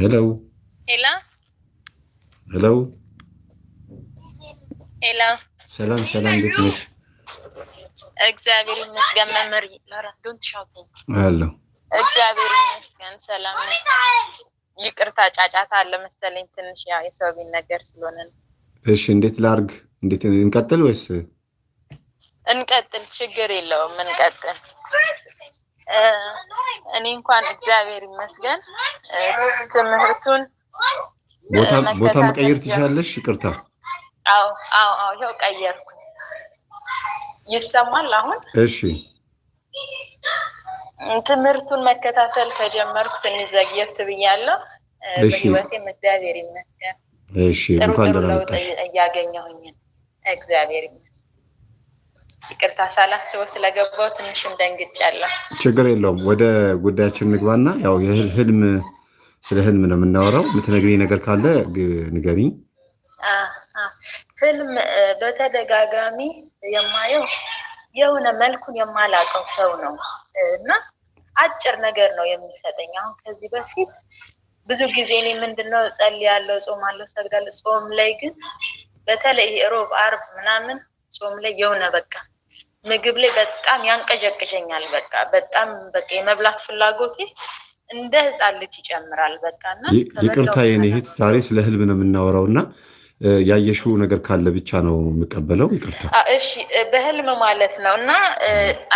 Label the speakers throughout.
Speaker 1: ሄሎ ሄላ ሄሎ ሄላ። ሰላም ሰላም፣ እንዴት ነሽ?
Speaker 2: እግዚአብሔር ይመስገን። መምህር ላራ ዶንት ሻውት እግዚአብሔር ይመስገን ሰላም። ይቅርታ ጫጫታ አለ መሰለኝ ትንሽ ያው የሰው ቤት ነገር ስለሆነ ነው።
Speaker 1: እሺ፣ እንዴት ላርግ? እንዴት እንቀጥል ወይስ
Speaker 2: እንቀጥል? ችግር የለውም እንቀጥል። እኔ እንኳን እግዚአብሔር ይመስገን ትምህርቱን
Speaker 1: ቦታ መቀየር ትችላለሽ። ይቅርታ።
Speaker 2: አዎ፣ አዎ፣ አዎ። ይኸው ቀየርኩ። ይሰማል አሁን? እሺ። ትምህርቱን መከታተል ከጀመርኩ ትንሽ ዘግየት ብያለሁ።
Speaker 1: በህይወቴም
Speaker 2: እግዚአብሔር ይመስገን ጥሩ ጥሩ ለውጥ እያገኘሁኝ እግዚአብሔር ይመስገን። ይቅርታ ሳላስበው ስለገባው ትንሽም ደንግጫለሁ።
Speaker 1: ችግር የለውም። ወደ ጉዳያችን ምግባና ያው ህልም ስለ ህልም ነው የምናወራው። የምትነግሪኝ ነገር ካለ ንገሪኝ።
Speaker 2: ህልም በተደጋጋሚ የማየው የሆነ መልኩን የማላውቀው ሰው ነው እና አጭር ነገር ነው የሚሰጠኝ። አሁን ከዚህ በፊት ብዙ ጊዜ እኔ ምንድነው ጸልያለሁ፣ ጾማለሁ፣ ሰግዳለሁ። ጾም ላይ ግን በተለይ ሮብ፣ አርብ ምናምን ጾም ላይ የሆነ በቃ ምግብ ላይ በጣም ያንቀዠቅሸኛል። በቃ በጣም በቃ የመብላት ፍላጎቴ እንደ ህፃን ልጅ ይጨምራል። በቃ እና
Speaker 1: ይቅርታ የኔ እህት ዛሬ ስለ ህልብ ነው የምናወራው እና ያየሽው ነገር ካለ ብቻ ነው የምቀበለው። ይቅርታ።
Speaker 2: እሺ በህልም ማለት ነው እና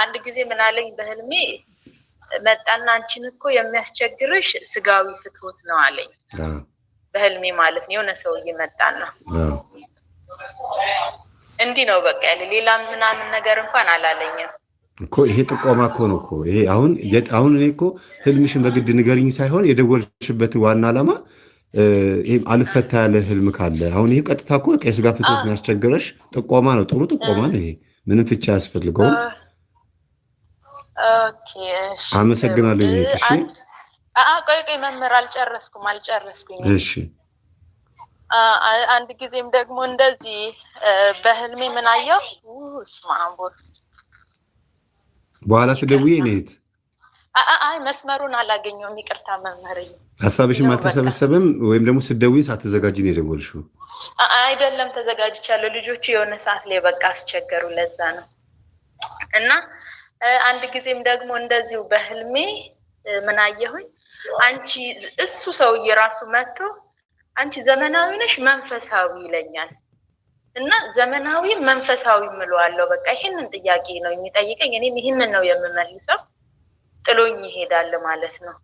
Speaker 2: አንድ ጊዜ ምናለኝ በህልሜ መጣና አንቺን እኮ የሚያስቸግርሽ ስጋዊ ፍትወት ነው አለኝ። በህልሜ ማለት ነው የሆነ ሰውዬ ነው እንዲህ ነው በቃ ያለ ሌላ ምናምን ነገር እንኳን አላለኝም
Speaker 1: እኮ። ይሄ ጥቆማ እኮ ነው እኮ ይሄ አሁን አሁን እኔ እኮ ህልምሽን በግድ ንገርኝ ሳይሆን የደወልሽበት ዋና ዓላማ አልፈታ ያለ ህልም ካለ አሁን ይሄ ቀጥታ እኮ የስጋ ፍትወት ነው ያስቸገረሽ። ጥቆማ ነው፣ ጥሩ ጥቆማ ነው። ይሄ ምንም ፍቻ አያስፈልገውም። አመሰግናለሁ። ይሄ
Speaker 2: ቆይ ቆይ መምህር አልጨረስኩም አልጨረስኩኝ። እሺ አንድ ጊዜም ደግሞ እንደዚህ በህልሜ ምን አየሁ ስማንቦት
Speaker 1: በኋላ ትደውዬ ነይት።
Speaker 2: አይ መስመሩን አላገኘሁም፣ ይቅርታ መምህር።
Speaker 1: ሀሳብሽም አልተሰበሰበም ወይም ደግሞ ስትደውዪ ሳትዘጋጅ ነው የደወልሽው?
Speaker 2: አይደለም ተዘጋጅቻለሁ። ልጆቹ የሆነ ሰዓት ላይ በቃ አስቸገሩ፣ ለዛ ነው እና አንድ ጊዜም ደግሞ እንደዚሁ በህልሜ ምን አየሁኝ አንቺ እሱ ሰውዬ ራሱ መጥቶ አንቺ ዘመናዊ ነሽ መንፈሳዊ ይለኛል እና ዘመናዊ መንፈሳዊ ምለዋለው። በቃ ይህንን ጥያቄ ነው የሚጠይቀኝ፣ እኔም ይህንን ነው የምመልሰው። ጥሎኝ ይሄዳል ማለት ነው።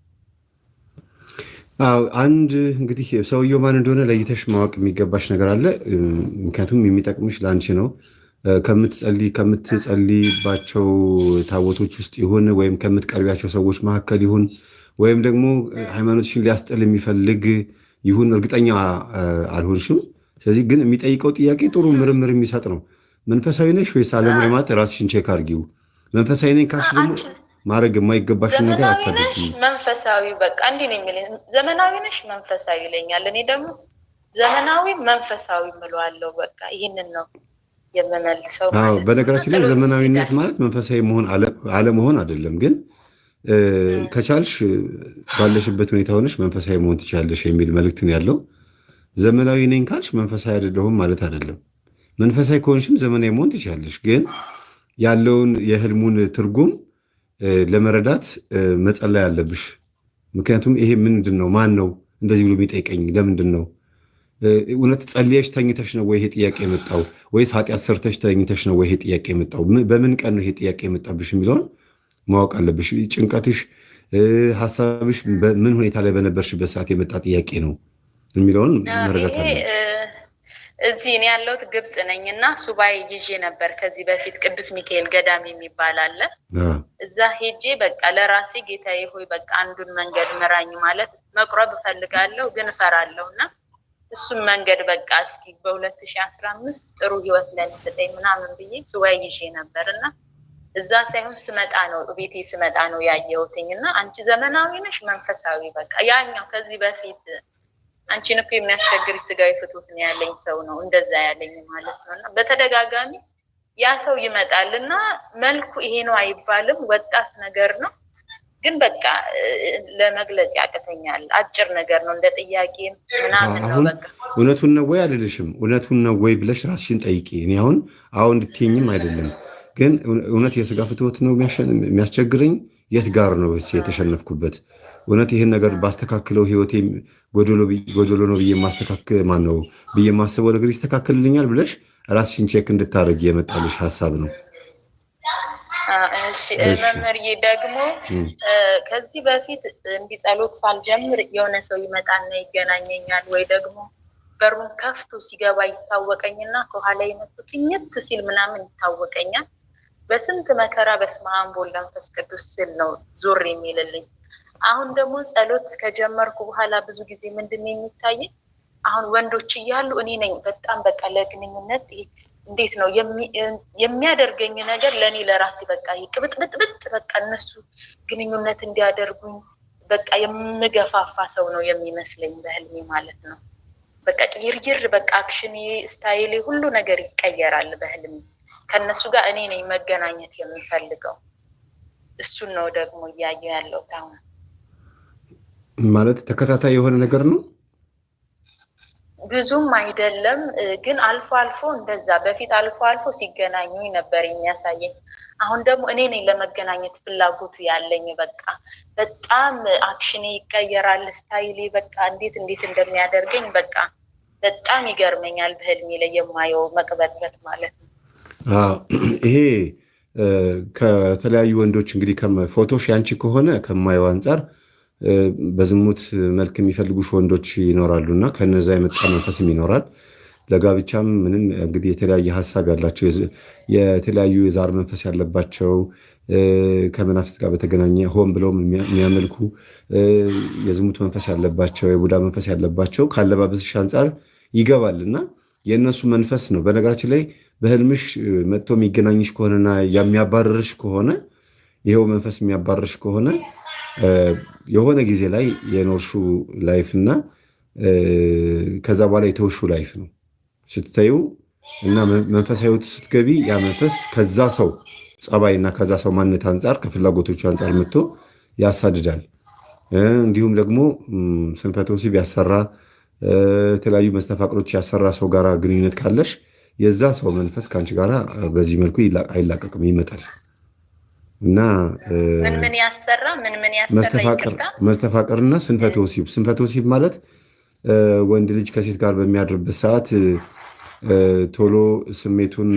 Speaker 1: አንድ እንግዲህ ሰውየው ማን እንደሆነ ለይተሽ ማወቅ የሚገባሽ ነገር አለ። ምክንያቱም የሚጠቅምሽ ለአንቺ ነው። ከምትጸልይ ከምትጸልይባቸው ታቦቶች ውስጥ ይሁን ወይም ከምትቀርቢያቸው ሰዎች መካከል ይሁን ወይም ደግሞ ሃይማኖትሽን ሊያስጥል የሚፈልግ ይሁን እርግጠኛ አልሆንሽም። ስለዚህ ግን የሚጠይቀው ጥያቄ ጥሩ ምርምር የሚሰጥ ነው። መንፈሳዊ ነሽ ወይስ ዓለማዊ ማለት ራስሽን ቼክ አድርጊው። መንፈሳዊ ነኝ ካልሽ ደግሞ ማድረግ የማይገባሽን ነገር አታድርጊ።
Speaker 2: መንፈሳዊ በቃ እንዲህ ነው የሚል ዘመናዊ ነሽ መንፈሳዊ ይለኛል። እኔ ደግሞ ዘመናዊ መንፈሳዊ ምለዋለው። በቃ ይህንን ነው የምመልሰው።
Speaker 1: በነገራችን ላይ ዘመናዊነት ማለት መንፈሳዊ መሆን አለመሆን አይደለም ግን ከቻልሽ ባለሽበት ሁኔታ ሆነሽ መንፈሳዊ መሆን ትችላለሽ የሚል መልእክት ያለው። ዘመናዊ ነኝ ካልሽ መንፈሳዊ አይደለሁም ማለት አይደለም። መንፈሳዊ ከሆንሽም ዘመናዊ መሆን ትችላለሽ። ግን ያለውን የህልሙን ትርጉም ለመረዳት መጸለይ አለብሽ። ምክንያቱም ይሄ ምንድን ነው? ማን ነው እንደዚህ ብሎ የሚጠይቀኝ? ለምንድን ነው እውነት ጸልየሽ ተኝተሽ ነው ወይ ይሄ ጥያቄ የመጣው? ወይስ ኃጢአት ሰርተሽ ተኝተሽ ነው ወይ ይሄ ጥያቄ የመጣው? በምን ቀን ነው ይሄ ጥያቄ የመጣብሽ የሚለውን ማወቅ አለብሽ። ጭንቀትሽ፣ ሀሳብሽ ምን ሁኔታ ላይ በነበርሽበት ሰዓት የመጣ ጥያቄ ነው የሚለውን መረዳት አለብሽ።
Speaker 2: እዚህ እኔ ያለሁት ግብፅ ነኝ እና ሱባኤ ይዤ ነበር ከዚህ በፊት ቅዱስ ሚካኤል ገዳም የሚባል አለ። እዛ ሄጄ በቃ ለራሴ ጌታዬ ሆይ በቃ አንዱን መንገድ ምራኝ ማለት መቁረብ እፈልጋለሁ ግን እፈራለሁ እና እሱም መንገድ በቃ እስኪ በሁለት ሺህ አስራ አምስት ጥሩ ህይወት ለንስጠኝ ምናምን ብዬ ሱባኤ ይዤ ነበር እና እዛ ሳይሆን ስመጣ ነው ቤቴ ስመጣ ነው ያየሁትኝ። እና አንቺ ዘመናዊ ነሽ መንፈሳዊ በቃ ያኛው ከዚህ በፊት አንቺን እኮ የሚያስቸግር ስጋዊ ፍትወት ነው ያለኝ ሰው ነው እንደዛ ያለኝ ማለት ነው። እና በተደጋጋሚ ያ ሰው ይመጣል እና መልኩ ይሄ ነው አይባልም፣ ወጣት ነገር ነው ግን በቃ ለመግለጽ ያቅተኛል። አጭር ነገር ነው እንደ ጥያቄ ምናምን
Speaker 1: እውነቱን ነው ወይ አልልሽም፣ እውነቱን ነው ወይ ብለሽ ራስሽን ጠይቂ። እኔ አሁን አሁን እንድትኝም አይደለም ግን እውነት የስጋ ፍትወት ነው የሚያስቸግረኝ? የት ጋር ነው የተሸነፍኩበት? እውነት ይህን ነገር ባስተካክለው ህይወቴ ጎደሎ ነው ብዬ ማስተካክል ማነው ብዬ የማስበው ነገር ይስተካክልልኛል ብለሽ ራስሽን ቼክ እንድታደርግ የመጣልሽ ሀሳብ ነው።
Speaker 2: መምህርዬ ደግሞ ከዚህ በፊት እንዲህ ጸሎት ሳልጀምር የሆነ ሰው ይመጣና ይገናኘኛል ወይ ደግሞ በሩን ከፍቶ ሲገባ ይታወቀኝና ከኋላ የመጡት ቅኝት ሲል ምናምን ይታወቀኛል። በስንት መከራ በስመ አብ ወወልድ ወመንፈስ ቅዱስ ስል ነው ዞር የሚልልኝ። አሁን ደግሞ ጸሎት ከጀመርኩ በኋላ ብዙ ጊዜ ምንድን ነው የሚታየኝ? አሁን ወንዶች እያሉ እኔ ነኝ በጣም በቃ ለግንኙነት እንዴት ነው የሚያደርገኝ ነገር ለእኔ ለራሴ በቃ ቅብጥብጥብጥ በቃ እነሱ ግንኙነት እንዲያደርጉኝ በቃ የምገፋፋ ሰው ነው የሚመስለኝ በህልሜ ማለት ነው። በቃ ቅይርይር በቃ አክሽኔ፣ ስታይሌ ሁሉ ነገር ይቀየራል በህልሜ ከእነሱ ጋር እኔ ነኝ መገናኘት የሚፈልገው። እሱን ነው ደግሞ እያየሁ ያለው አሁን።
Speaker 1: ማለት ተከታታይ የሆነ ነገር ነው
Speaker 2: ብዙም አይደለም ግን አልፎ አልፎ እንደዛ። በፊት አልፎ አልፎ ሲገናኙ ነበር የሚያሳየኝ። አሁን ደግሞ እኔ ነኝ ለመገናኘት ፍላጎቱ ያለኝ። በቃ በጣም አክሽኔ ይቀየራል፣ ስታይሌ በቃ እንዴት እንዴት እንደሚያደርገኝ በቃ በጣም ይገርመኛል። በህልሜ ላይ የማየው መቅበጥበት ማለት ነው።
Speaker 1: ይሄ ከተለያዩ ወንዶች እንግዲህ ፎቶሽ ያንቺ ከሆነ ከማየው አንጻር በዝሙት መልክ የሚፈልጉሽ ወንዶች ይኖራሉ እና ከነዛ የመጣ መንፈስም ይኖራል። ለጋብቻም ምንም እንግዲህ የተለያየ ሀሳብ ያላቸው የተለያዩ የዛር መንፈስ ያለባቸው ከመናፍስት ጋር በተገናኘ ሆን ብለውም የሚያመልኩ የዝሙት መንፈስ ያለባቸው የቡዳ መንፈስ ያለባቸው ከአለባበስሽ አንጻር ይገባል እና የእነሱ መንፈስ ነው በነገራችን ላይ በህልምሽ መጥቶ የሚገናኝሽ ከሆነና የሚያባርርሽ ከሆነ ይኸው መንፈስ የሚያባርርሽ ከሆነ የሆነ ጊዜ ላይ የኖርሹ ላይፍ እና ከዛ በኋላ የተውሹ ላይፍ ነው ስትተዩ እና መንፈሳዊት ስትገቢ ያ መንፈስ ከዛ ሰው ጸባይ እና ከዛ ሰው ማንነት አንጻር ከፍላጎቶቹ አንጻር መጥቶ ያሳድዳል። እንዲሁም ደግሞ ስንፈተ ወሲብ ያሰራ የተለያዩ መስተፋቅሮች ያሰራ ሰው ጋር ግንኙነት ካለሽ የዛ ሰው መንፈስ ከአንቺ ጋር በዚህ መልኩ አይላቀቅም፣ ይመጣል እና መስተፋቀርና ስንፈተ ወሲብ። ስንፈተ ወሲብ ማለት ወንድ ልጅ ከሴት ጋር በሚያድርበት ሰዓት ቶሎ ስሜቱን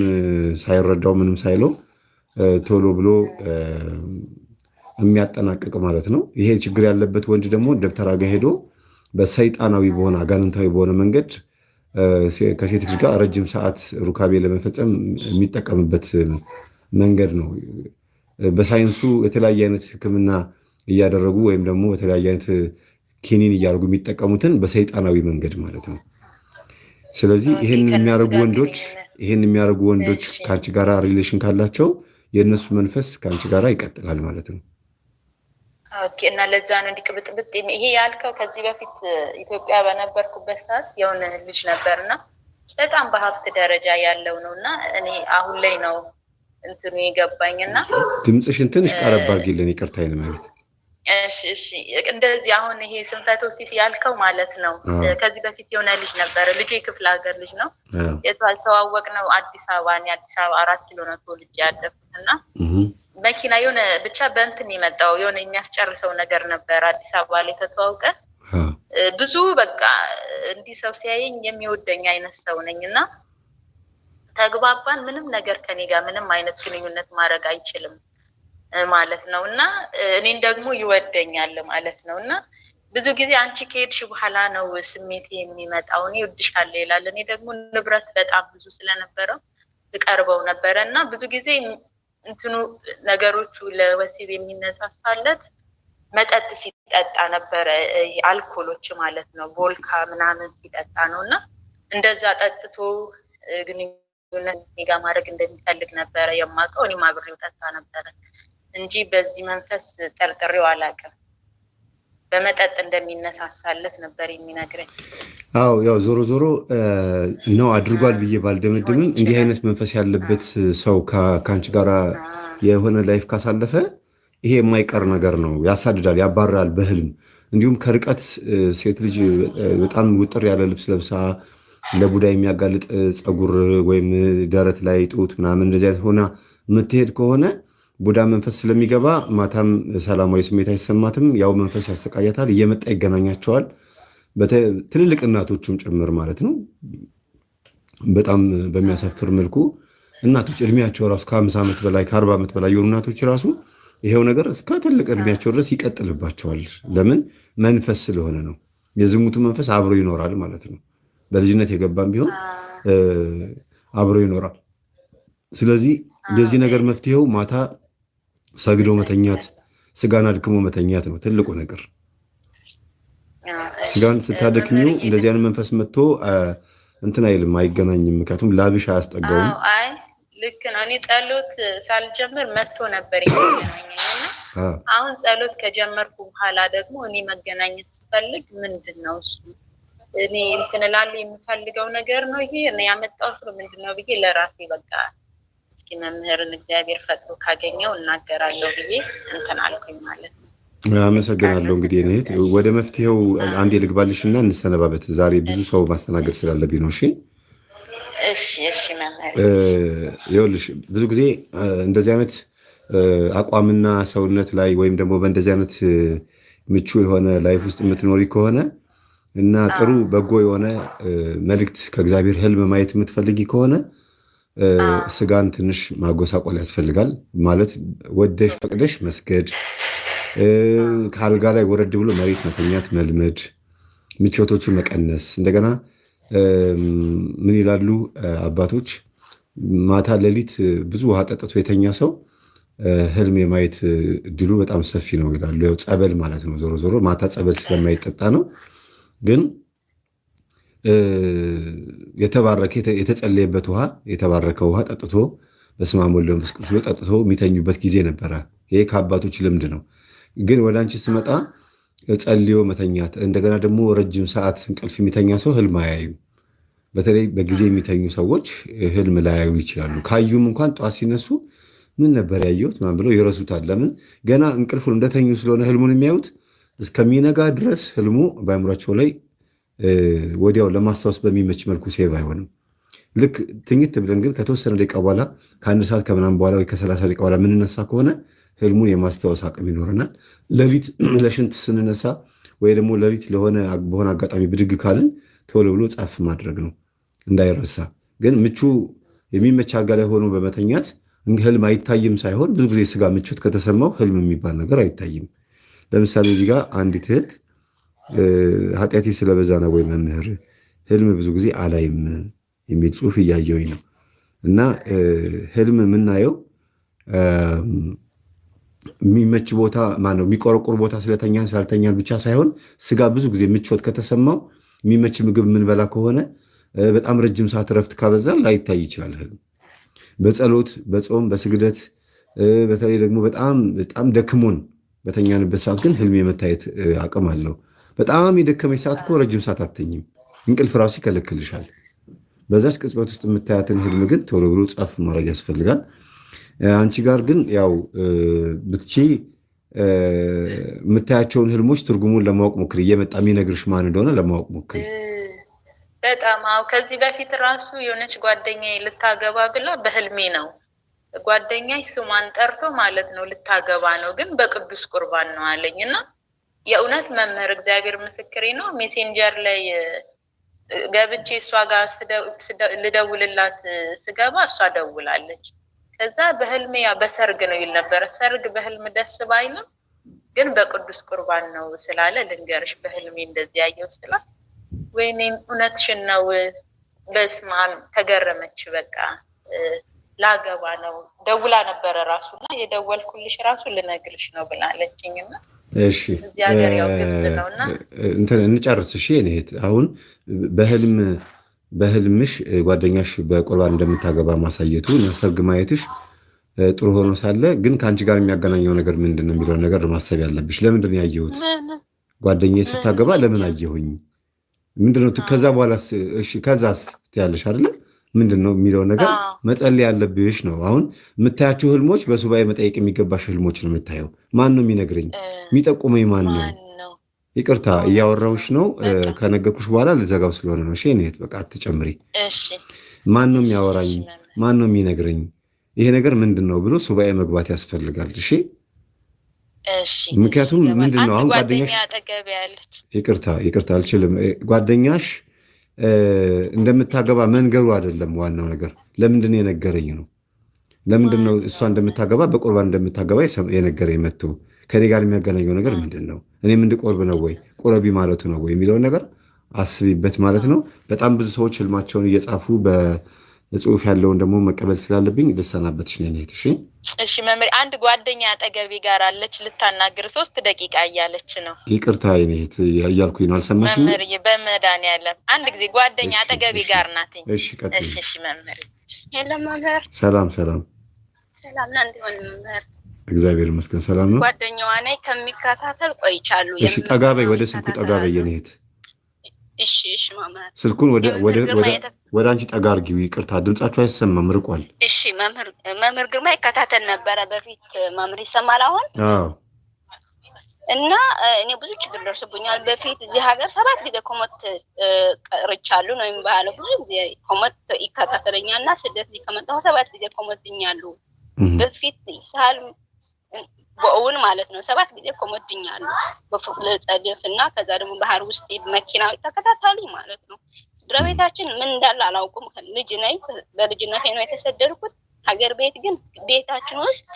Speaker 1: ሳይረዳው ምንም ሳይለው ቶሎ ብሎ የሚያጠናቅቅ ማለት ነው። ይሄ ችግር ያለበት ወንድ ደግሞ ደብተራ ጋ ሄዶ በሰይጣናዊ በሆነ አጋንንታዊ በሆነ መንገድ ከሴት ልጅ ጋር ረጅም ሰዓት ሩካቤ ለመፈጸም የሚጠቀምበት መንገድ ነው። በሳይንሱ የተለያየ አይነት ሕክምና እያደረጉ ወይም ደግሞ በተለያየ አይነት ኪኒን እያደረጉ የሚጠቀሙትን በሰይጣናዊ መንገድ ማለት ነው። ስለዚህ ይህን የሚያደርጉ ወንዶች ይህን የሚያደርጉ ወንዶች ከአንቺ ጋር ሪሌሽን ካላቸው የእነሱ መንፈስ ከአንቺ ጋር ይቀጥላል ማለት ነው።
Speaker 2: እና ለዛ ነው እንዲቅብጥብጥ ይሄ ያልከው። ከዚህ በፊት ኢትዮጵያ በነበርኩበት ሰዓት የሆነ ልጅ ነበር እና በጣም በሀብት ደረጃ ያለው ነው እና እኔ አሁን ላይ ነው እንትኑ የገባኝ እና
Speaker 1: ድምፅሽን ትንሽ ቀረብ አድርጊልን፣ ይቅርታ ይን ማለት
Speaker 2: እንደዚህ አሁን ይሄ ስንፈት ወሲፍ ያልከው ማለት ነው። ከዚህ በፊት የሆነ ልጅ ነበረ። ልጅ የክፍለ ሀገር ልጅ ነው። የተዋወቅ ነው አዲስ አበባ፣ አዲስ አበባ አራት ኪሎ ነው ተወልጄ ያደኩት እና መኪና የሆነ ብቻ በእንትን የመጣው የሆነ የሚያስጨርሰው ነገር ነበር። አዲስ አበባ ላይ ተተዋውቀ ብዙ በቃ እንዲህ ሰው ሲያየኝ የሚወደኝ አይነት ሰው ነኝ እና ተግባባን። ምንም ነገር ከኔ ጋር ምንም አይነት ግንኙነት ማድረግ አይችልም ማለት ነው እና እኔን ደግሞ ይወደኛል ማለት ነው እና ብዙ ጊዜ አንቺ ከሄድሽ በኋላ ነው ስሜት የሚመጣው። እኔ እወድሻለሁ ይላል። እኔ ደግሞ ንብረት በጣም ብዙ ስለነበረው ልቀርበው ነበረ እና ብዙ ጊዜ እንትኑ ነገሮቹ ለወሲብ የሚነሳሳለት መጠጥ ሲጠጣ ነበረ። አልኮሎች ማለት ነው። ቦልካ ምናምን ሲጠጣ ነው እና እንደዛ ጠጥቶ ግንኙነት ጋ ማድረግ እንደሚፈልግ ነበረ የማውቀው። እኔም አብሬው ጠጣ ነበረ እንጂ በዚህ መንፈስ ጠርጥሬው አላውቅም። በመጠጥ እንደሚነሳሳለት ነበር የሚነግረኝ።
Speaker 1: አዎ ያው ዞሮ ዞሮ ነው አድርጓል ብዬ ባልደመድምም እንዲህ አይነት መንፈስ ያለበት ሰው ከአንቺ ጋር የሆነ ላይፍ ካሳለፈ ይሄ የማይቀር ነገር ነው። ያሳድዳል፣ ያባራል በህልም እንዲሁም ከርቀት ሴት ልጅ በጣም ውጥር ያለ ልብስ ለብሳ ለቡዳ የሚያጋልጥ ፀጉር ወይም ደረት ላይ ጡት ምናምን እንደዚህ ሆና የምትሄድ ከሆነ ቡዳ መንፈስ ስለሚገባ ማታም ሰላማዊ ስሜት አይሰማትም። ያው መንፈስ ያሰቃያታል። እየመጣ ይገናኛቸዋል፣ ትልልቅ እናቶቹም ጭምር ማለት ነው። በጣም በሚያሳፍር መልኩ እናቶች እድሜያቸው ራሱ ከአምሳ ዓመት በላይ ከአርባ ዓመት በላይ የሆኑ እናቶች ራሱ ይሄው ነገር እስከ ትልቅ እድሜያቸው ድረስ ይቀጥልባቸዋል። ለምን? መንፈስ ስለሆነ ነው። የዝሙቱ መንፈስ አብሮ ይኖራል ማለት ነው። በልጅነት የገባም ቢሆን አብሮ ይኖራል። ስለዚህ የዚህ ነገር መፍትሄው ማታ ሰግዶ መተኛት፣ ስጋን አድክሞ መተኛት ነው ትልቁ ነገር። ስጋን ስታደክሚው እንደዚህ አይነት መንፈስ መጥቶ እንትን አይልም፣ አይገናኝም። ምክንያቱም ላብሽ አያስጠጋውም።
Speaker 2: ልክ ነው። እኔ ጸሎት ሳልጀምር መጥቶ ነበር የሚገናኘኝ አሁን ጸሎት ከጀመርኩ በኋላ ደግሞ እኔ መገናኘት ስፈልግ ምንድን ነው እሱ እኔ እንትን እላለሁ የምፈልገው ነገር ነው ይሄ ያመጣው ምንድን ነው ብዬ ለራሴ በቃ እስኪ መምህርን እግዚአብሔር ፈቅዶ ካገኘው እናገራለሁ ብዬ እንትን አልኩኝ ማለት ነው።
Speaker 1: አመሰግናለሁ። እንግዲህ እህት ወደ መፍትሄው አንድ የልግባልሽ እና እንሰነባበት። ዛሬ ብዙ ሰው ማስተናገድ ስላለብኝ ነው። እሺ ይኸውልሽ፣ ብዙ ጊዜ እንደዚህ አይነት አቋምና ሰውነት ላይ ወይም ደግሞ በእንደዚህ አይነት ምቹ የሆነ ላይፍ ውስጥ የምትኖሪ ከሆነ እና ጥሩ በጎ የሆነ መልእክት ከእግዚአብሔር ህልም ማየት የምትፈልጊ ከሆነ ስጋን ትንሽ ማጎሳቆል ያስፈልጋል። ማለት ወደሽ ፈቅደሽ መስገድ፣ ከአልጋ ላይ ወረድ ብሎ መሬት መተኛት መልመድ፣ ምቾቶቹ መቀነስ። እንደገና ምን ይላሉ አባቶች? ማታ ሌሊት ብዙ ውሃ ጠጥቶ የተኛ ሰው ህልም የማየት እድሉ በጣም ሰፊ ነው ይላሉ። ያው ጸበል ማለት ነው። ዞሮ ዞሮ ማታ ጸበል ስለማይጠጣ ነው ግን የተባረከ የተጸለየበት ውሃ የተባረከ ውሃ ጠጥቶ በስመ አብ ወወልድ ወመንፈስ ቅዱስ ጠጥቶ የሚተኙበት ጊዜ ነበረ። ይሄ ከአባቶች ልምድ ነው። ግን ወደ አንቺ ስመጣ ጸልዮ መተኛት፣ እንደገና ደግሞ ረጅም ሰዓት እንቅልፍ የሚተኛ ሰው ህልም አያዩ። በተለይ በጊዜ የሚተኙ ሰዎች ህልም ላያዩ ይችላሉ። ካዩም እንኳን ጠዋት ሲነሱ ምን ነበር ያየሁት ምናምን ብለው ይረሱታል። ለምን ገና እንቅልፉን እንደተኙ ስለሆነ ህልሙን የሚያዩት እስከሚነጋ ድረስ ህልሙ በአእምሯቸው ላይ ወዲያው ለማስታወስ በሚመች መልኩ ሴቭ አይሆንም። ልክ ትኝት ብለን ግን ከተወሰነ ደቂቃ በኋላ ከአንድ ሰዓት ከምናም በኋላ ወይ ከሰላሳ ደቂቃ በኋላ የምንነሳ ከሆነ ህልሙን የማስታወስ አቅም ይኖረናል። ሌሊት ለሽንት ስንነሳ ወይ ደግሞ ሌሊት ለሆነ በሆነ አጋጣሚ ብድግ ካልን ቶሎ ብሎ ጻፍ ማድረግ ነው እንዳይረሳ። ግን ምቹ የሚመች አልጋ ላይ ሆኖ በመተኛት ህልም አይታይም ሳይሆን ብዙ ጊዜ ስጋ ምቾት ከተሰማው ህልም የሚባል ነገር አይታይም። ለምሳሌ እዚህ ጋር አንዲት እህት ኃጢአቴ ስለበዛ ነው ወይ መምህር ህልም ብዙ ጊዜ አላይም የሚል ጽሁፍ እያየሁኝ ነው። እና ህልም የምናየው የሚመች ቦታ ማነው የሚቆረቁር ቦታ ስለተኛን ስላልተኛን ብቻ ሳይሆን ስጋ ብዙ ጊዜ ምቾት ከተሰማው የሚመች ምግብ የምንበላ ከሆነ በጣም ረጅም ሰዓት እረፍት ካበዛን ላይታይ ይችላል ህልም። በጸሎት በጾም በስግደት በተለይ ደግሞ በጣም በጣም ደክሞን በተኛንበት ሰዓት ግን ህልም የመታየት አቅም አለው። በጣም የደከመች ሰዓት እኮ ረጅም ሰዓት አተኝም፣ እንቅልፍ ራሱ ይከለክልሻል። በዛች ቅጽበት ውስጥ የምታያትን ህልም ግን ቶሎ ብሎ ጻፍ ማድረግ ያስፈልጋል። አንቺ ጋር ግን ያው ብትቺ የምታያቸውን ህልሞች ትርጉሙን ለማወቅ ሞክር እየመጣ የሚነግርሽ ማን እንደሆነ ለማወቅ ሞክሪ።
Speaker 2: በጣም አዎ። ከዚህ በፊት ራሱ የሆነች ጓደኛ ልታገባ ብላ በህልሜ ነው ጓደኛ ስሟን ጠርቶ ማለት ነው ልታገባ ነው፣ ግን በቅዱስ ቁርባን ነው አለኝ እና የእውነት መምህር እግዚአብሔር ምስክሬ ነው። ሜሴንጀር ላይ ገብቼ እሷ ጋር ልደውልላት ስገባ እሷ ደውላለች። ከዛ በህልሜ በሰርግ ነው ይል ነበረ። ሰርግ በህልም ደስ ባይልም ግን በቅዱስ ቁርባን ነው ስላለ ልንገርሽ በህልሜ እንደዚህ ያየው ስላ ወይኔም እውነትሽን ነው በስመ አብ ተገረመች። በቃ ላገባ ነው ደውላ ነበረ ራሱና የደወልኩልሽ ራሱ ልነግርሽ ነው ብላለችኝና
Speaker 1: እሺ እንትን እንጨርስ። እሺ እኔ አሁን በህልም በህልምሽ ጓደኛሽ በቁርባን እንደምታገባ ማሳየቱ እና ሰርግ ማየትሽ ጥሩ ሆኖ ሳለ ግን ከአንቺ ጋር የሚያገናኘው ነገር ምንድን ነው የሚለውን ነገር ማሰብ ያለብሽ። ለምንድን ነው ያየሁት? ጓደኛዬ ስታገባ ለምን አየሁኝ? ምንድን ነው ከዛ በኋላ ከዛስ ትያለሽ አይደለም ምንድን ነው የሚለው ነገር መጸለይ ያለብሽ ነው። አሁን የምታያቸው ህልሞች በሱባኤ መጠየቅ የሚገባሽ ህልሞች ነው የምታየው። ማን ነው የሚነግረኝ? የሚጠቁመኝ ማን ነው? ይቅርታ እያወራሁሽ ነው። ከነገርኩሽ በኋላ ልዘጋው ስለሆነ ነው። እሺ በቃ አትጨምሪ። ማን ነው የሚያወራኝ? ማን ነው የሚነግረኝ? ይሄ ነገር ምንድን ነው ብሎ ሱባኤ መግባት ያስፈልጋል። እሺ ምክንያቱም ምንድን ነው አሁን ጓደኛሽ ይቅርታ ይቅርታ አልችልም ጓደኛሽ እንደምታገባ መንገሩ አይደለም ዋናው ነገር። ለምንድን የነገረኝ ነው። ለምንድን ነው እሷ እንደምታገባ በቁርባን እንደምታገባ የነገረኝ መጥቶ ከኔ ጋር የሚያገናኘው ነገር ምንድን ነው? እኔም እንድቆርብ ነው ወይ ቁረቢ ማለቱ ነው ወይ የሚለውን ነገር አስቢበት ማለት ነው። በጣም ብዙ ሰዎች ህልማቸውን እየጻፉ ጽሁፍ ያለውን ደግሞ መቀበል ስላለብኝ ልሰናበትሽ ነው ነት። እሺ
Speaker 2: እሺ። መምህር አንድ ጓደኛ አጠገቤ ጋር አለች ልታናግር ሶስት ደቂቃ እያለች ነው።
Speaker 1: ይቅርታ ነት እያልኩኝ ነው። አልሰማሽ መምህር፣
Speaker 2: በመድኃኒዓለም አንድ ጊዜ ጓደኛ አጠገቤ ጋር ናትኝ።
Speaker 1: እሺ፣ እሺ፣ እሺ።
Speaker 2: መምህር የለም መምህር፣
Speaker 1: ሰላም፣ ሰላም፣
Speaker 2: ሰላም ና እንዲሆን መምህር፣
Speaker 1: እግዚአብሔር ይመስገን ሰላም ነው።
Speaker 2: ጓደኛዋ ነኝ ከሚከታተል ቆይቻሉ።
Speaker 1: እሺ፣ ጠጋ በይ፣ ወደ ስልኩ ጠጋ በይ ነት ስልኩን ወደ አንቺ ጠጋ አርጊው። ይቅርታ ድምጻችሁ አይሰማም፣ ርቋል።
Speaker 2: እሺ መምህር ግርማ ይከታተል ነበረ በፊት መምህር ይሰማል አሁን እና እኔ ብዙ ችግር ደርስብኛል። በፊት እዚህ ሀገር ሰባት ጊዜ ኮመት ቀርቻሉ ነው የሚባለው። ብዙ ጊዜ ኮመት ይከታተለኛል እና ስደት ከመጣሁ ሰባት ጊዜ ኮመትኛሉ። በፊት ሳል በእውን ማለት ነው። ሰባት ጊዜ እኮ መድኛሉ በፍቅል ጸድፍ እና ከዛ ደግሞ ባህር ውስጥ መኪና ተከታታሊ ማለት ነው። ስድረ ቤታችን ምን እንዳለ አላውቁም። ልጅ ነኝ፣ በልጅነት ነው የተሰደድኩት። ሀገር ቤት ግን ቤታችን ውስጥ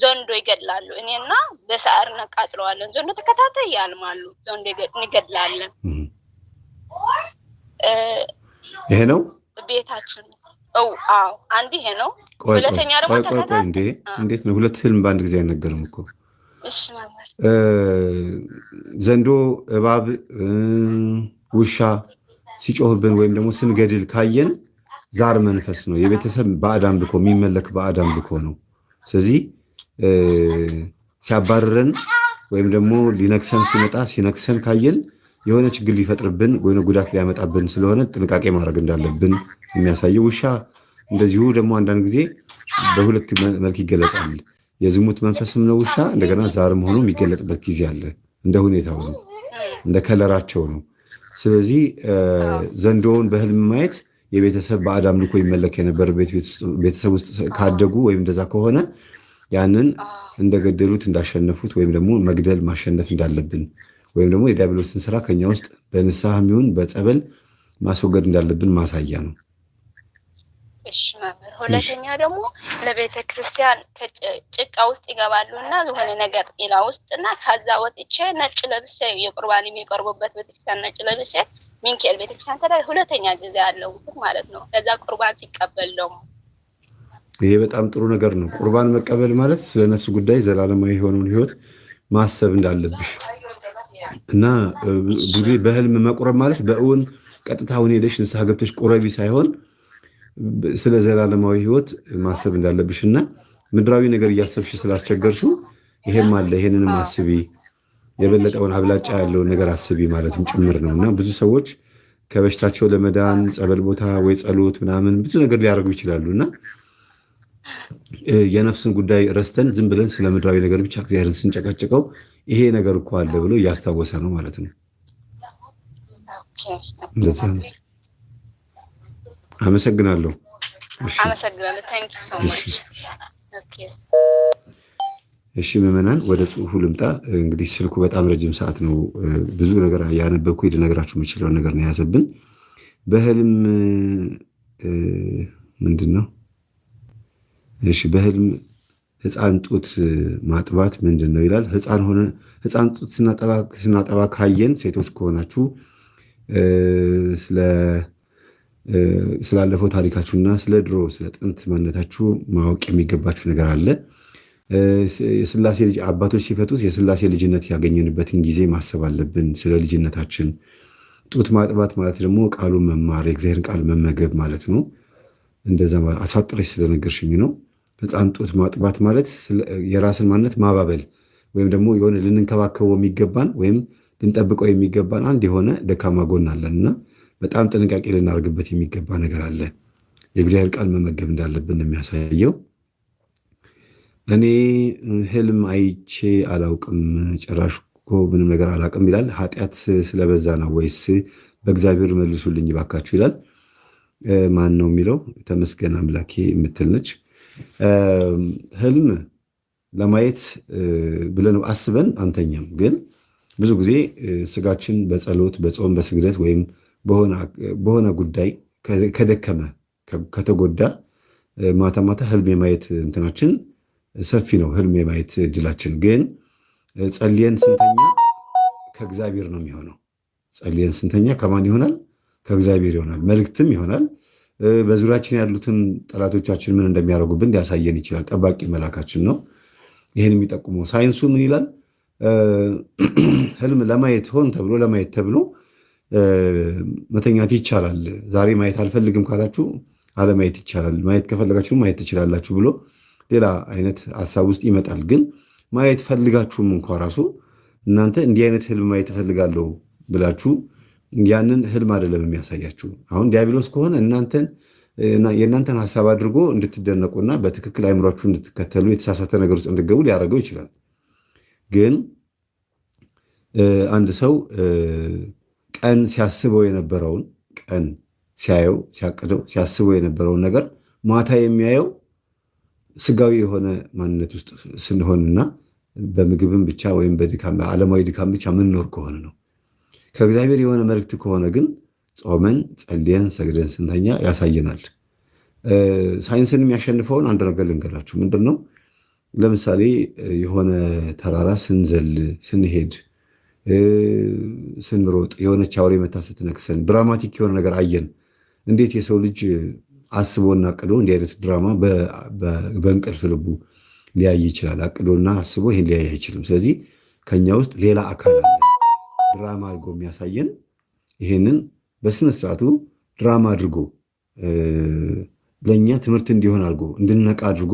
Speaker 2: ዘንዶ ይገድላሉ። እኔና በሳር ነቃጥለዋለን። ዘንዶ ተከታታይ ያልማሉ። ዘንዶ እንገድላለን። ይሄ ነው ቤታችን አንድ ይሄ ነው።
Speaker 1: ሁለተኛ ደግሞ እንዴት ነው ሁለት ህልም በአንድ ጊዜ አይነገርም እኮ ዘንዶ፣ እባብ፣ ውሻ ሲጮህብን ወይም ደግሞ ስንገድል ካየን ዛር መንፈስ ነው። የቤተሰብ ባዕድ አምልኮ የሚመለክ ባዕድ አምልኮ ነው። ስለዚህ ሲያባርረን ወይም ደግሞ ሊነክሰን ሲመጣ ሲነክሰን ካየን የሆነ ችግር ሊፈጥርብን ወይ ጉዳት ሊያመጣብን ስለሆነ ጥንቃቄ ማድረግ እንዳለብን የሚያሳየው ውሻ እንደዚሁ ደግሞ አንዳንድ ጊዜ በሁለት መልክ ይገለጻል። የዝሙት መንፈስም ነው ውሻ። እንደገና ዛርም ሆኖ የሚገለጥበት ጊዜ አለ። እንደ ሁኔታው ነው፣ እንደ ከለራቸው ነው። ስለዚህ ዘንዶውን በህልም ማየት የቤተሰብ በአዳም ልኮ ይመለክ የነበር ቤተሰብ ውስጥ ካደጉ ወይም እንደዛ ከሆነ ያንን እንደገደሉት እንዳሸነፉት ወይም ደግሞ መግደል ማሸነፍ እንዳለብን ወይም ደግሞ የዲያብሎስን ስራ ከኛ ውስጥ በንስሐ የሚሆን በጸበል ማስወገድ እንዳለብን ማሳያ ነው።
Speaker 2: እሺ መምህር፣ ሁለተኛ ደግሞ ለቤተ ክርስቲያን ጭቃ ውስጥ ይገባሉ እና የሆነ ነገር ሌላ ውስጥ እና ከዛ ወጥቼ ነጭ ለብሴ የቁርባን የሚቀርቡበት ቤተክርስቲያን ነጭ ለብሴ ሚንኬል ቤተክርስቲያን ተላይ ሁለተኛ ጊዜ አለው ማለት ነው። ከዛ ቁርባን ሲቀበል ደግሞ
Speaker 1: ይሄ በጣም ጥሩ ነገር ነው። ቁርባን መቀበል ማለት ስለ ነፍስ ጉዳይ ዘላለማዊ የሆነውን ህይወት ማሰብ እንዳለብሽ እና ብዙ ጊዜ በህልም መቁረብ ማለት በእውን ቀጥታ ሁን ሄደሽ ንስሐ ገብተሽ ቁረቢ ሳይሆን ስለ ዘላለማዊ ህይወት ማሰብ እንዳለብሽ እና ምድራዊ ነገር እያሰብሽ ስላስቸገርሹ ይሄም አለ ይሄንንም አስቢ የበለጠውን አብላጫ ያለውን ነገር አስቢ ማለትም ጭምር ነው እና ብዙ ሰዎች ከበሽታቸው ለመዳን ጸበል ቦታ ወይ ጸሎት ምናምን ብዙ ነገር ሊያደርጉ ይችላሉ እና የነፍስን ጉዳይ ረስተን ዝም ብለን ስለ ምድራዊ ነገር ብቻ እግዚአብሔርን ስንጨቀጭቀው ይሄ ነገር እኮ አለ ብሎ እያስታወሰ ነው ማለት ነው። እንደዛ ነው። አመሰግናለሁ። እሺ ምዕመናን፣ ወደ ጽሁፉ ልምጣ። እንግዲህ ስልኩ በጣም ረጅም ሰዓት ነው። ብዙ ነገር ያነበብኩ ልነግራችሁ የምችለውን ነገር ነው የያዘብን። በህልም ምንድን ነው? እሺ በህልም ህፃን ጡት ማጥባት ምንድን ነው ይላል። ህፃን ጡት ስናጠባ ካየን ሴቶች ከሆናችሁ ስላለፈው ታሪካችሁና ስለ ድሮ ስለ ጥንት ማንነታችሁ ማወቅ የሚገባችሁ ነገር አለ። የስላሴ ልጅ አባቶች ሲፈቱት የስላሴ ልጅነት ያገኘንበትን ጊዜ ማሰብ አለብን። ስለ ልጅነታችን ጡት ማጥባት ማለት ደግሞ ቃሉን መማር የእግዚአብሔርን ቃል መመገብ ማለት ነው። እንደዛ አሳጥረሽ ስለነገርሽኝ ነው። ሕፃን ጡት ማጥባት ማለት የራስን ማንነት ማባበል ወይም ደግሞ የሆነ ልንንከባከበው የሚገባን ወይም ልንጠብቀው የሚገባን አንድ የሆነ ደካማ ጎን አለን እና በጣም ጥንቃቄ ልናደርግበት የሚገባ ነገር አለ። የእግዚአብሔር ቃል መመገብ እንዳለብን የሚያሳየው። እኔ ህልም አይቼ አላውቅም፣ ጭራሽ እኮ ምንም ነገር አላውቅም ይላል። ኃጢአት ስለበዛ ነው ወይስ በእግዚአብሔር መልሱልኝ ባካችሁ ይላል። ማን ነው የሚለው? ተመስገን አምላኬ የምትል ነች። ህልም ለማየት ብለን አስበን አንተኛም። ግን ብዙ ጊዜ ስጋችን በጸሎት በጾም በስግደት ወይም በሆነ ጉዳይ ከደከመ ከተጎዳ ማታ ማታ ህልም የማየት እንትናችን ሰፊ ነው። ህልም የማየት እድላችን ግን ጸልየን ስንተኛ ከእግዚአብሔር ነው የሚሆነው። ጸልየን ስንተኛ ከማን ይሆናል? ከእግዚአብሔር ይሆናል። መልእክትም ይሆናል በዙሪያችን ያሉትን ጠላቶቻችን ምን እንደሚያደርጉብን ሊያሳየን ይችላል። ጠባቂ መላካችን ነው። ይህን የሚጠቁመው ሳይንሱ ምን ይላል? ህልም ለማየት ሆን ተብሎ ለማየት ተብሎ መተኛት ይቻላል። ዛሬ ማየት አልፈልግም ካላችሁ አለማየት ይቻላል። ማየት ከፈለጋችሁ ማየት ትችላላችሁ ብሎ ሌላ አይነት ሀሳብ ውስጥ ይመጣል። ግን ማየት ፈልጋችሁም እንኳ ራሱ እናንተ እንዲህ አይነት ህልም ማየት እፈልጋለሁ ብላችሁ ያንን ህልም አይደለም የሚያሳያችሁ። አሁን ዲያብሎስ ከሆነ የእናንተን ሀሳብ አድርጎ እንድትደነቁና በትክክል አይምሯችሁ እንድትከተሉ የተሳሳተ ነገር ውስጥ እንድገቡ ሊያደርገው ይችላል። ግን አንድ ሰው ቀን ሲያስበው የነበረውን ቀን ሲያየው ሲያቅደው ሲያስበው የነበረውን ነገር ማታ የሚያየው ስጋዊ የሆነ ማንነት ውስጥ ስንሆንና በምግብም ብቻ ወይም በአለማዊ ድካም ብቻ ምንኖር ከሆነ ነው። ከእግዚአብሔር የሆነ መልእክት ከሆነ ግን ጾመን፣ ጸልየን፣ ሰግደን ስንተኛ ያሳየናል። ሳይንስን የሚያሸንፈውን አንድ ነገር ልንገራችሁ። ምንድን ነው? ለምሳሌ የሆነ ተራራ ስንዘል፣ ስንሄድ፣ ስንሮጥ የሆነች አውሬ መታ ስትነክሰን ድራማቲክ የሆነ ነገር አየን። እንዴት የሰው ልጅ አስቦና አቅዶ እንዲህ አይነት ድራማ በእንቅልፍ ልቡ ሊያይ ይችላል? አቅዶና አስቦ ይህን ሊያይ አይችልም። ስለዚህ ከኛ ውስጥ ሌላ አካል አለ ድራማ አድርጎ የሚያሳየን ይሄንን በስነ ስርዓቱ ድራማ አድርጎ ለእኛ ትምህርት እንዲሆን አድርጎ እንድንነቃ አድርጎ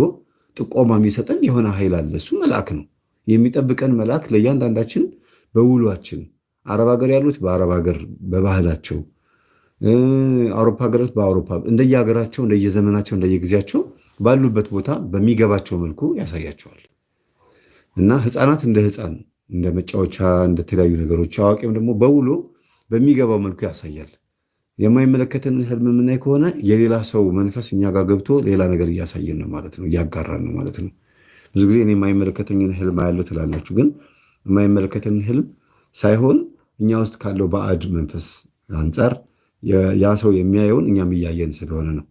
Speaker 1: ጥቆማ የሚሰጠን የሆነ ኃይል አለ። እሱ መልአክ ነው የሚጠብቀን መልአክ ለእያንዳንዳችን በውሏችን አረብ ሀገር ያሉት በአረብ ሀገር በባህላቸው አውሮፓ ሀገራት በአውሮፓ እንደየሀገራቸው እንደየዘመናቸው እንደየጊዜያቸው ባሉበት ቦታ በሚገባቸው መልኩ ያሳያቸዋል እና ህፃናት እንደ ህፃን። እንደ መጫወቻ እንደተለያዩ ነገሮች አዋቂም ደግሞ በውሎ በሚገባው መልኩ ያሳያል። የማይመለከተን ህልም የምናይ ከሆነ የሌላ ሰው መንፈስ እኛ ጋር ገብቶ ሌላ ነገር እያሳየን ነው ማለት ነው፣ እያጋራን ነው ማለት ነው። ብዙ ጊዜ እኔ የማይመለከተኝን ህልም አያለሁ ትላላችሁ፣ ግን የማይመለከተን ህልም ሳይሆን እኛ ውስጥ ካለው ባዕድ መንፈስ አንጻር ያ ሰው የሚያየውን እኛም እያየን ስለሆነ ነው።